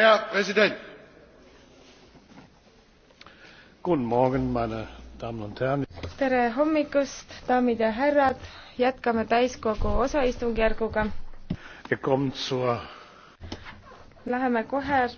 herr präsident! tere hommikust daamid ja härrad! jätkame täiskogu osaistungjärguga. läheme kohe